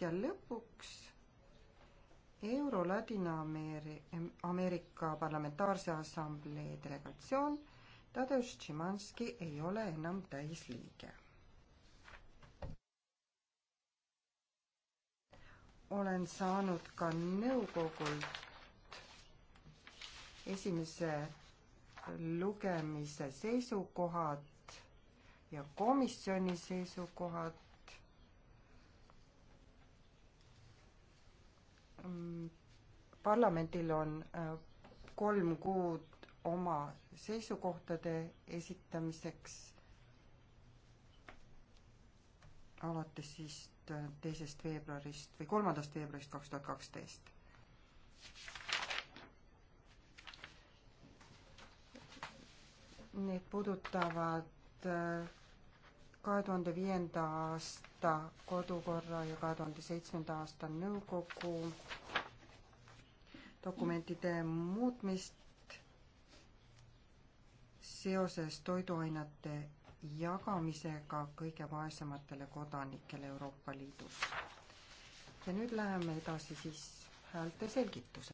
ja lõpuks Euro Ladina-Ameerika Parlamentaarse Assamblee delegatsioon Tadeusz Tšimanski ei ole enam täisliige. olen saanud ka nõukogult esimese lugemise seisukohad ja komisjoni seisukohad Mm, parlamendil on äh, kolm kuud oma seisukohtade esitamiseks alates siis äh, teisest veebruarist või kolmandast veebruarist kaks tuhat kaksteist. Need puudutavad äh, kahe tuhande viienda aasta kodukorra ja kahe tuhande seitsmenda aasta nõukogu dokumentide muutmist seoses toiduainete jagamisega kõige vaesematele kodanikele Euroopa Liidus. ja nüüd läheme edasi siis häälte selgitusele.